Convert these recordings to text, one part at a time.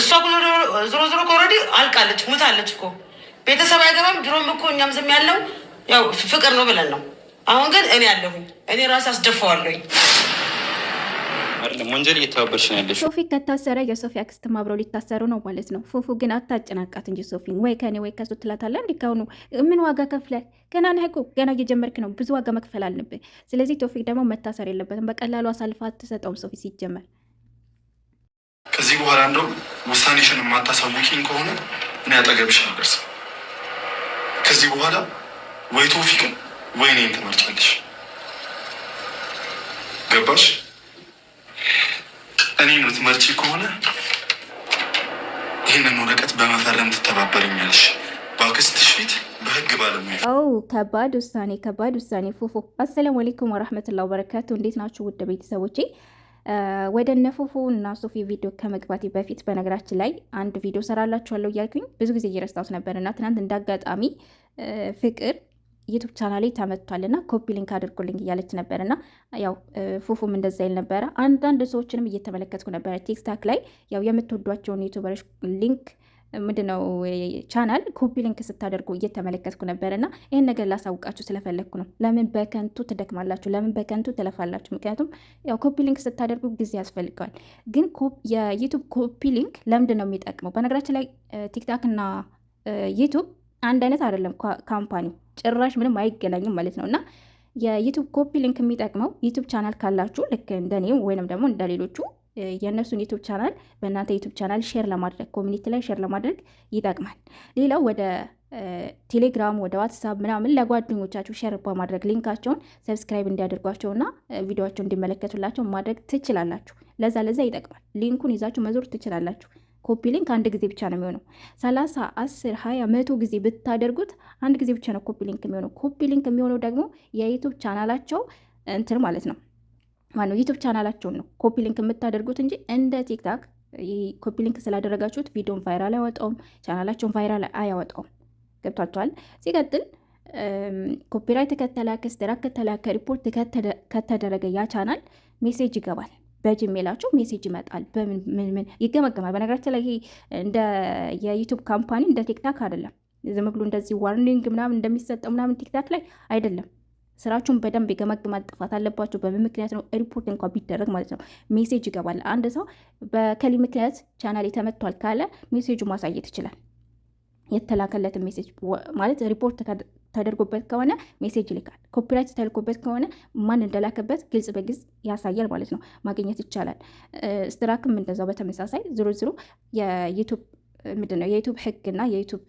እሷ ዞሮ ዞሮ ከወረዲ አልቃለች፣ ሙታለች እኮ ቤተሰብ አይገባም። ድሮም እኮ እኛም ዝም ያለው ያው ፍቅር ነው ብለን ነው። አሁን ግን እኔ አለሁኝ፣ እኔ ራሴ አስደፋዋለሁኝ። ወንጀል እየተባበርሽ ነው ያለሽ። ሶፊ ከታሰረ የሶፊ አክስት አብረው ሊታሰሩ ነው ማለት ነው። ፉፉ ግን አታጨናቃት እንጂ ሶፊ ወይ ከኔ ወይ ከሱ ትላታለህ። እንዲ ካሁኑ ምን ዋጋ ከፍለ ገና ነህ እኮ ገና እየጀመርክ ነው። ብዙ ዋጋ መክፈል አለብህ። ስለዚህ ቶፊቅ ደግሞ መታሰር የለበትም። በቀላሉ አሳልፋ አትሰጠውም ሶፊ ሲጀመር ከዚህ በኋላ እንደውም ውሳኔሽን የማታሳውቂኝ ከሆነ እኔ አጠገብሽ አልደርስም። ከዚህ በኋላ ወይ ቶፊቅን ወይ እኔን ትመርጫለሽ። ገባሽ? እኔን ምትመርጪ ከሆነ ይህንን ወረቀት በመፈረም ትተባበርኛለሽ በአክስትሽ ፊት በህግ ከባድ ውሳኔ፣ ከባድ ውሳኔ። ፉፉ አሰላሙ አለይኩም ወረህመቱላሂ ወበረካቱ። እንዴት ናችሁ ውድ ቤተሰቦቼ? ወደ ነፉፉ እና ሶፊ ቪዲዮ ከመግባቴ በፊት በነገራችን ላይ አንድ ቪዲዮ ሰራላችኋለሁ እያልኩኝ ብዙ ጊዜ እየረስታውት ነበር እና ትናንት እንዳጋጣሚ ፍቅር ዩቱብ ቻናሌ ተመቷል እና ኮፒ ሊንክ አድርጎልኝ እያለች ነበር እና ያው ፉፉም እንደዛ ይል ነበረ። አንዳንድ ሰዎችንም እየተመለከትኩ ነበረ ቲክታክ ላይ ያው የምትወዷቸውን ዩቱበሮች ሊንክ ምንድነው ቻናል ኮፒ ሊንክ ስታደርጉ እየተመለከትኩ ነበር እና ይህን ነገር ላሳውቃችሁ ስለፈለግኩ ነው። ለምን በከንቱ ትደክማላችሁ? ለምን በከንቱ ትለፋላችሁ? ምክንያቱም ያው ኮፒ ሊንክ ስታደርጉ ጊዜ ያስፈልገዋል። ግን የዩቱብ ኮፒ ሊንክ ለምንድን ነው የሚጠቅመው? በነገራችን ላይ ቲክታክ እና ዩቱብ አንድ አይነት አይደለም። ካምፓኒው ጭራሽ ምንም አይገናኝም ማለት ነው እና የዩቱብ ኮፒ ሊንክ የሚጠቅመው ዩቱብ ቻናል ካላችሁ ልክ እንደኔ ወይንም ደግሞ እንደሌሎቹ የእነሱን ዩቱብ ቻናል በእናንተ ዩቱብ ቻናል ሼር ለማድረግ ኮሚኒቲ ላይ ሼር ለማድረግ ይጠቅማል። ሌላው ወደ ቴሌግራም ወደ ዋትሳፕ ምናምን ለጓደኞቻችሁ ሼር በማድረግ ሊንካቸውን ሰብስክራይብ እንዲያደርጓቸውና ቪዲዮቸው እንዲመለከቱላቸው ማድረግ ትችላላችሁ። ለዛ ለዛ ይጠቅማል። ሊንኩን ይዛችሁ መዞር ትችላላችሁ። ኮፒ ሊንክ አንድ ጊዜ ብቻ ነው የሚሆነው። ሰላሳ አስር ሀያ መቶ ጊዜ ብታደርጉት አንድ ጊዜ ብቻ ነው ኮፒ ሊንክ የሚሆነው። ኮፒ ሊንክ የሚሆነው ደግሞ የዩቱብ ቻናላቸው እንትን ማለት ነው ማነው ዩቱብ ቻናላቸውን ነው ኮፒ ሊንክ የምታደርጉት እንጂ እንደ ቲክታክ ኮፒ ሊንክ ስላደረጋችሁት ቪዲዮን ቫይራል አያወጣውም፣ ቻናላቸውን ቫይራል አያወጣውም። ገብቷቸዋል። ሲቀጥል ኮፒራይት ከተላከ ስትራክ ከተላከ ሪፖርት ከተደረገ ያ ቻናል ሜሴጅ ይገባል። በጅሜላቸው ሜሴጅ ይመጣል። በምን ምን ይገመገማል። በነገራችን ላይ እንደ የዩቱብ ካምፓኒ እንደ ቲክታክ አይደለም። ዝም ብሎ እንደዚህ ዋርኒንግ ምናምን እንደሚሰጠው ምናምን ቲክታክ ላይ አይደለም። ስራችሁን በደንብ የገመግማል። ጥፋት አለባችሁ፣ በምን ምክንያት ነው ሪፖርት እንኳ ቢደረግ ማለት ነው ሜሴጅ ይገባል። አንድ ሰው በከሊ ምክንያት ቻናል ተመቷል ካለ ሜሴጁ ማሳየት ይችላል። የተላከለትን ሜሴጅ ማለት ሪፖርት ተደርጎበት ከሆነ ሜሴጅ ይልካል። ኮፒራይት ተልኮበት ከሆነ ማን እንደላከበት ግልጽ በግልጽ ያሳያል ማለት ነው። ማግኘት ይቻላል። ስትራክም እንደዛው በተመሳሳይ ዝሮ ዝሮ የዩቱብ ምንድን ነው የዩቱብ ህግና የዩቱብ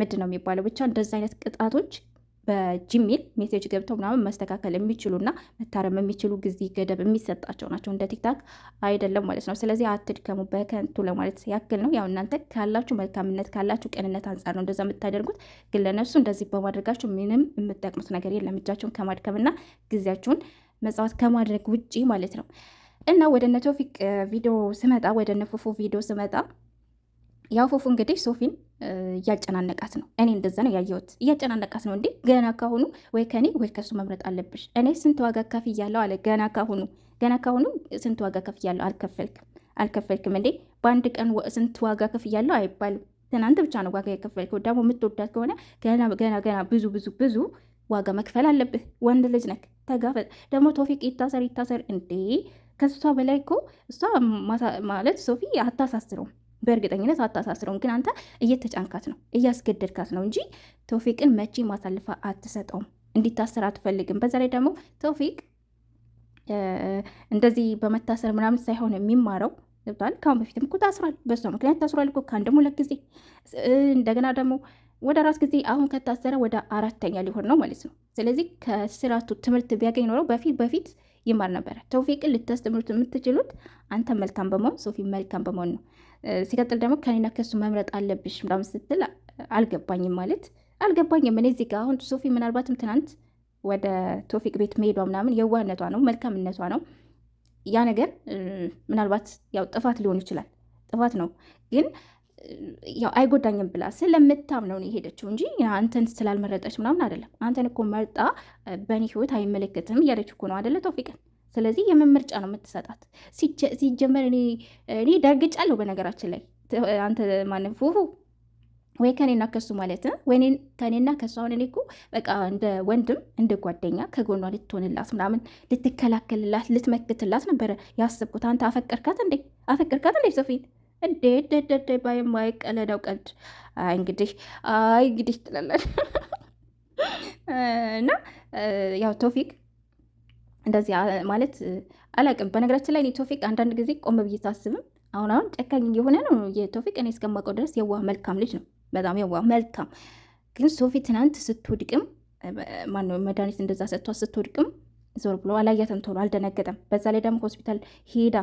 ምንድን ነው የሚባለው ብቻ እንደዚ አይነት ቅጣቶች በጂሜል ሜሴጅ ገብተው ምናምን መስተካከል የሚችሉ ና መታረም የሚችሉ ጊዜ ገደብ የሚሰጣቸው ናቸው። እንደ ቲክታክ አይደለም ማለት ነው። ስለዚህ አትድከሙ በከንቱ ለማለት ያክል ነው። ያው እናንተ ካላችሁ መልካምነት ካላችሁ ቅንነት አንጻር ነው እንደዛ የምታደርጉት። ግን ለነሱ እንደዚህ በማድረጋችሁ ምንም የምጠቅሙት ነገር የለም እጃችሁን ከማድከምና ጊዜያችሁን መጽዋት ከማድረግ ውጪ ማለት ነው። እና ወደ እነ ቶፊቅ ቪዲዮ ስመጣ ወደ እነ ፉፉ ቪዲዮ ስመጣ ያው ፉፉ እንግዲህ ሶፊን እያጨናነቃት ነው። እኔ እንደዛ ነው ያየሁት። እያጨናነቃት ነው እንዴ! ገና ካሁኑ ወይ ከኔ ወይ ከሱ መምረጥ አለብሽ። እኔ ስንት ዋጋ ከፍ እያለው አለ። ገና ካሁኑ ገና ካሁኑ ስንት ዋጋ ከፍ እያለው አልከፈልክም፣ አልከፈልክም እንዴ! በአንድ ቀን ስንት ዋጋ ከፍ እያለው አይባልም። ትናንት ብቻ ነው ዋጋ የከፈልከው። ደግሞ የምትወዳት ከሆነ ገና ገና ገና ብዙ ብዙ ብዙ ዋጋ መክፈል አለብህ። ወንድ ልጅ ነክ ተጋፈጥ። ደግሞ ቶፊቅ ይታሰር ይታሰር እንዴ! ከሷ በላይ እኮ እሷ ማለት ሶፊ አታሳስረውም በእርግጠኝነት አታሳስረው። ግን አንተ እየተጫንካት ነው፣ እያስገደድካት ነው እንጂ ተውፊቅን መቼ ማሳልፋ አትሰጠውም። እንዲታሰር አትፈልግም። በዛ ላይ ደግሞ ተውፊቅ እንደዚህ በመታሰር ምናምን ሳይሆን የሚማረው ገብቷል። ከአሁን በፊትም እኮ ታስሯል፣ በሷ ምክንያት ታስሯል እኮ ከአንድም ሁለት ጊዜ። እንደገና ደግሞ ወደ አራት ጊዜ አሁን ከታሰረ ወደ አራተኛ ሊሆን ነው ማለት ነው። ስለዚህ ከስራቱ ትምህርት ቢያገኝ ኖረው በፊት በፊት ይማር ነበረ። ተውፊቅን ልታስተምሩት የምትችሉት አንተ መልካም በመሆን ሶፊ መልካም በመሆን ነው። ሲቀጥል ደግሞ ከኔና ከሱ መምረጥ አለብሽ ምናምን ስትል አልገባኝም። ማለት አልገባኝም። እኔ እዚህ ጋር አሁን ሶፊ ምናልባትም ትናንት ወደ ቶፊቅ ቤት መሄዷ ምናምን የዋህነቷ ነው መልካምነቷ ነው። ያ ነገር ምናልባት ያው ጥፋት ሊሆን ይችላል፣ ጥፋት ነው ግን ያው አይጎዳኝም ብላ ስለምታም ነው የሄደችው እንጂ አንተን ስላልመረጠች ምናምን አይደለም። አንተን እኮ መርጣ በእኔ ህይወት አይመለከትም እያለች እኮ ነው አደለ ቶፊቅን ስለዚህ የምን ምርጫ ነው የምትሰጣት? ሲጀመር እኔ ደርግጫለሁ። በነገራችን ላይ አንተ ማንም ፉፉ ወይ ከኔና ከሱ ማለት ነው ወይ ከኔና ከሱ። አሁን እኔ እኮ በቃ እንደ ወንድም እንደ ጓደኛ ከጎኗ ልትሆንላት ምናምን ልትከላከልላት ልትመክትላት ነበረ ያስብኩት። አንተ አፈቀርካት እንዴ? አፈቀርካት እንዴ ሶፊን? እንዴ ደደደ ባይማይ ቀለዳው ቀልድ። አይ እንግዲህ አይ እንግዲህ ትላለች እና ያው ቶፊክ እንደዚህ ማለት አላቅም። በነገራችን ላይ እኔ ቶፊቅ አንዳንድ ጊዜ ቆም ብዬ ሳስብም አሁን አሁን ጨካኝ እየሆነ ነው የቶፊቅ። እኔ እስከማውቀው ድረስ የዋህ መልካም ልጅ ነው፣ በጣም የዋህ መልካም። ግን ሶፊ ትናንት ስትወድቅም ማነው መድኃኒት እንደዛ ሰጥቷ ስትወድቅም ዞር ብሎ አላያትም፣ ቶሎ አልደነገጠም። በዛ ላይ ደግሞ ሆስፒታል ሄዳ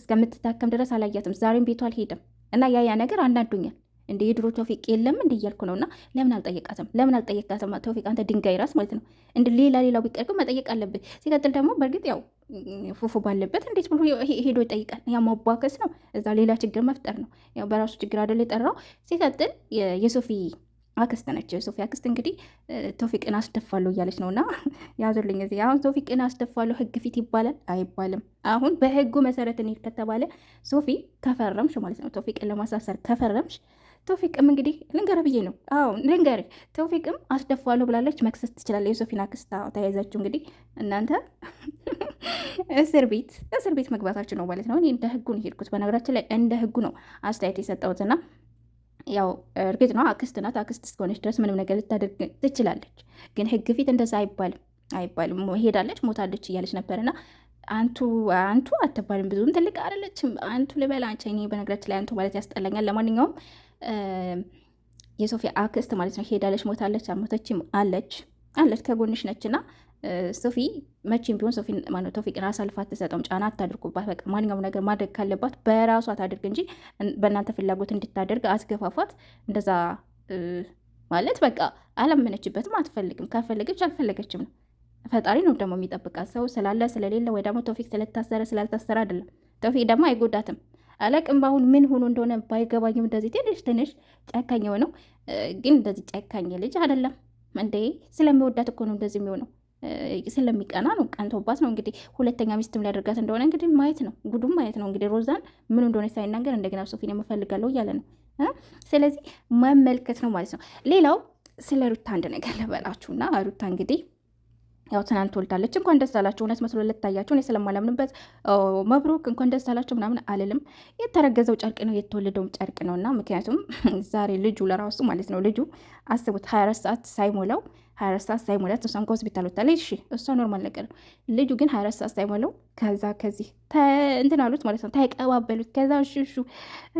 እስከምትታከም ድረስ አላያትም። ዛሬም ቤቷ አልሄደም እና ያ ያ ነገር አናዱኛል። እንደ የድሮ ቶፊቅ የለም እንደ እያልኩ ነው። እና ለምን አልጠየቃትም? ለምን አልጠየቃትም? ቶፊቅ አንተ ድንጋይ ራስ ማለት ነው። እንደ ሌላ ሌላው ቢቀርቅ መጠየቅ አለብህ። ሲቀጥል ደግሞ በእርግጥ ያው ፉፉ ባለበት እንዴት ብሎ ሄዶ ይጠይቃል? ያ ማቧከስ ነው፣ እዛ ሌላ ችግር መፍጠር ነው። ያው በራሱ ችግር አይደል የጠራው። ሲቀጥል የሶፊ አክስት ነች። የሶፊ አክስት እንግዲህ ቶፊቅን አስደፋለሁ እያለች ነው እና ያዙልኝ እዚህ አሁን ቶፊቅን አስደፋለሁ ህግ ፊት ይባላል አይባልም? አሁን በህጉ መሰረት እንሂድ ከተባለ ሶፊ ከፈረምሽ ማለት ነው ቶፊቅን ለማሳሰር ከፈረምሽ ተውፊቅም እንግዲህ ልንገር ብዬ ነው። አዎ ልንገር፣ ተውፊቅም አስደፏለሁ ብላለች። መክሰስ ትችላለች። የሶፊና ክስታ ተያይዛችሁ እንግዲህ እናንተ እስር ቤት እስር ቤት መግባታችሁ ነው ማለት ነው። እኔ እንደ ህጉ ነው ሄድኩት። በነገራችን ላይ እንደ ህጉ ነው አስተያየት የሰጠሁትና ያው እርግጥ ነው አክስት ናት። አክስት እስከሆነች ድረስ ምንም ነገር ልታደርግ ትችላለች። ግን ህግ ፊት እንደዛ አይባልም አይባልም። ሄዳለች ሞታለች እያለች ነበርና አንቱ አንቱ አትባልም። ብዙም ትልቅ አይደለችም። አንቱ ልበል አንቺ። እኔ በነገራችን ላይ አንቱ ማለት ያስጠላኛል። ለማንኛውም የሶፊያ አክስት ማለት ነው ሄዳለች፣ ሞታለች፣ አልሞተችም አለች አለች ከጎንሽ ነችና ሶፊ መቼም ቢሆን ሶፊ ማነው ቶፊቅን አሳልፋ አትሰጠውም። ጫና አታድርጉባት። በቃ ማንኛውም ነገር ማድረግ ካለባት በራሷ ታድርግ እንጂ በእናንተ ፍላጎት እንድታደርግ አስገፋፏት። እንደዛ ማለት በቃ አላመነችበትም፣ አትፈልግም። ካልፈለገች አልፈለገችም ነው። ፈጣሪ ነው ደግሞ የሚጠብቃት ሰው ስላለ ስለሌለ ወይ ደግሞ ቶፊቅ ስለታሰረ ስላልታሰረ አይደለም። ቶፊቅ ደግሞ አይጎዳትም። አላቅም በአሁን ምን ሆኖ እንደሆነ ባይገባኝም እንደዚህ ትንሽ ትንሽ ጨካኝ የሆነው ግን እንደዚህ ጨካኝ ልጅ አይደለም እንዴ። ስለሚወዳት እኮ ነው እንደዚህ የሚሆነው። ስለሚቀና ነው፣ ቀንቶባት ነው። እንግዲህ ሁለተኛ ሚስትም ሊያደርጋት እንደሆነ እንግዲህ ማየት ነው፣ ጉዱም ማየት ነው። እንግዲህ ሮዛን ምን እንደሆነ ሳይናገር እንደገና ሶፊን የምፈልጋለሁ እያለ ነው። ስለዚህ መመልከት ነው ማለት ነው። ሌላው ስለ ሩታ አንድ ነገር ልበላችሁና ሩታ እንግዲህ ያው ትናንት ወልዳለች። እንኳን ደስ አላቸው። እውነት መስሎ ልታያቸው እኔ ስለማላምንበት መብሩክ እንኳን ደስ አላቸው ምናምን አልልም። የተረገዘው ጨርቅ ነው የተወለደውም ጨርቅ ነው እና ምክንያቱም ዛሬ ልጁ ለራሱ ማለት ነው ልጁ አስቡት አራት ሰዓት ሳይሞላው 24 ሰዓት ሳይሞላት እሷም ከሆስፒታል ወታለች። እሺ እሷ ኖርማል ነገር ነው። ልጁ ግን 24 ሰዓት ሳይሞላው ከዛ ከዚህ እንትን አሉት ማለት ነው ታይቀባበሉት። ከዛ ሽሹ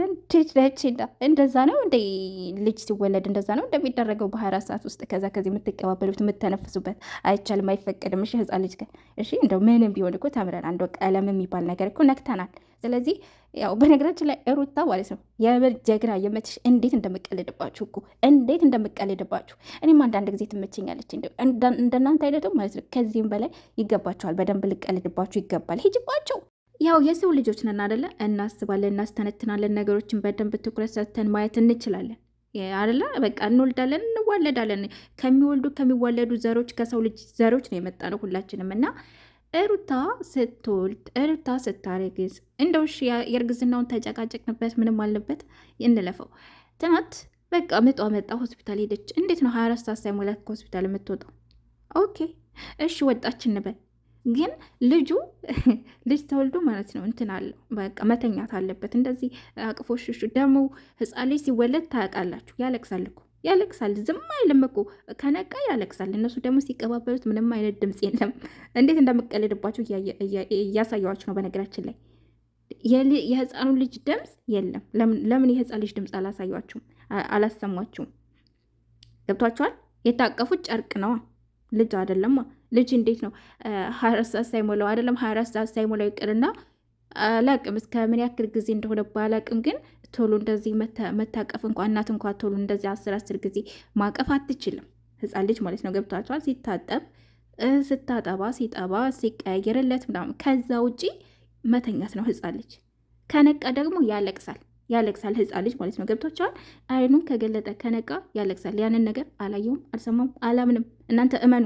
እንዴት ነች እንደዛ ነው እንደ ልጅ ሲወለድ እንደዛ ነው እንደሚደረገው በ24 ሰዓት ውስጥ ከዛ ከዚህ የምትቀባበሉት የምተነፍሱበት አይቻልም፣ አይፈቀድም። እሺ ህፃን ልጅ እሺ እንደው ምንም ቢሆን እኮ ተምረናል። እንደው ቀለም የሚባል ነገር እኮ ነክተናል። ስለዚህ ያው በነገራችን ላይ ሩታ ማለት ነው የብር ጀግና የመችሽ እንዴት እንደምቀልድባችሁ እኮ እንዴት እንደምቀልድባችሁ። እኔም አንዳንድ ጊዜ ትመቸኛለች እንደናንተ አይነቱ ማለት ነው። ከዚህም በላይ ይገባችኋል። በደንብ ልቀልድባችሁ ይገባል። ሂጅባቸው። ያው የሰው ልጆች ነን አደለ? እናስባለን፣ እናስተነትናለን። ነገሮችን በደንብ ትኩረት ሰጥተን ማየት እንችላለን አደለ? በቃ እንወልዳለን፣ እንዋለዳለን። ከሚወልዱ ከሚዋለዱ ዘሮች ከሰው ልጅ ዘሮች ነው የመጣ ነው ሁላችንም እና ሩታ ስትወልድ ሩታ ስታረግዝ እንደው የእርግዝናውን ተጨቃጨቅንበት፣ ምንም አለበት እንለፈው። ትናት በቃ ምጧ መጣ፣ ሆስፒታል ሄደች። እንዴት ነው 24 ሰዓት ሳይሞላት ከሆስፒታል የምትወጣው? ኦኬ እሺ ወጣች እንበል፣ ግን ልጁ ልጅ ተወልዶ ማለት ነው እንትን አለው በቃ መተኛት አለበት። እንደዚህ አቅፎ ሽሹ ደግሞ ህፃን ልጅ ሲወለድ ታያውቃላችሁ፣ ያለቅሳል እኮ ያለቅሳል። ዝም አይልም እኮ ከነቃ ያለቅሳል። እነሱ ደግሞ ሲቀባበሉት ምንም አይነት ድምፅ የለም። እንዴት እንደምቀልድባቸው እያሳየዋቸው ነው። በነገራችን ላይ የህፃኑ ልጅ ድምፅ የለም። ለምን የህፃን ልጅ ድምፅ አላሳያችሁም? አላሰሟችሁም? ገብቷቸዋል። የታቀፉት ጨርቅ ነዋ፣ ልጅ አይደለም። ልጅ እንዴት ነው ሀያ አራት ሰዓት ሳይሞላው አይደለም ሀያ አራት ሰዓት ሳይሞላው ይቅርና አላቅም እስከ ምን ያክል ጊዜ እንደሆነ ባላቅም ግን ቶሎ እንደዚህ መታቀፍ እንኳ እናት እንኳ ቶሎ እንደዚህ አስር አስር ጊዜ ማቀፍ አትችልም። ህፃን ልጅ ማለት ነው። ገብቷቸዋል። ሲታጠብ ስታጠባ ሲጠባ ሲቀያየርለት ምናምን ከዛ ውጪ መተኛት ነው ህፃን ልጅ። ከነቃ ደግሞ ያለቅሳል ያለቅሳል ህፃን ልጅ ማለት ነው። ገብቷቸዋል። አይኑን ከገለጠ ከነቃ ያለቅሳል። ያንን ነገር አላየውም፣ አልሰማም፣ አላምንም እናንተ እመኑ።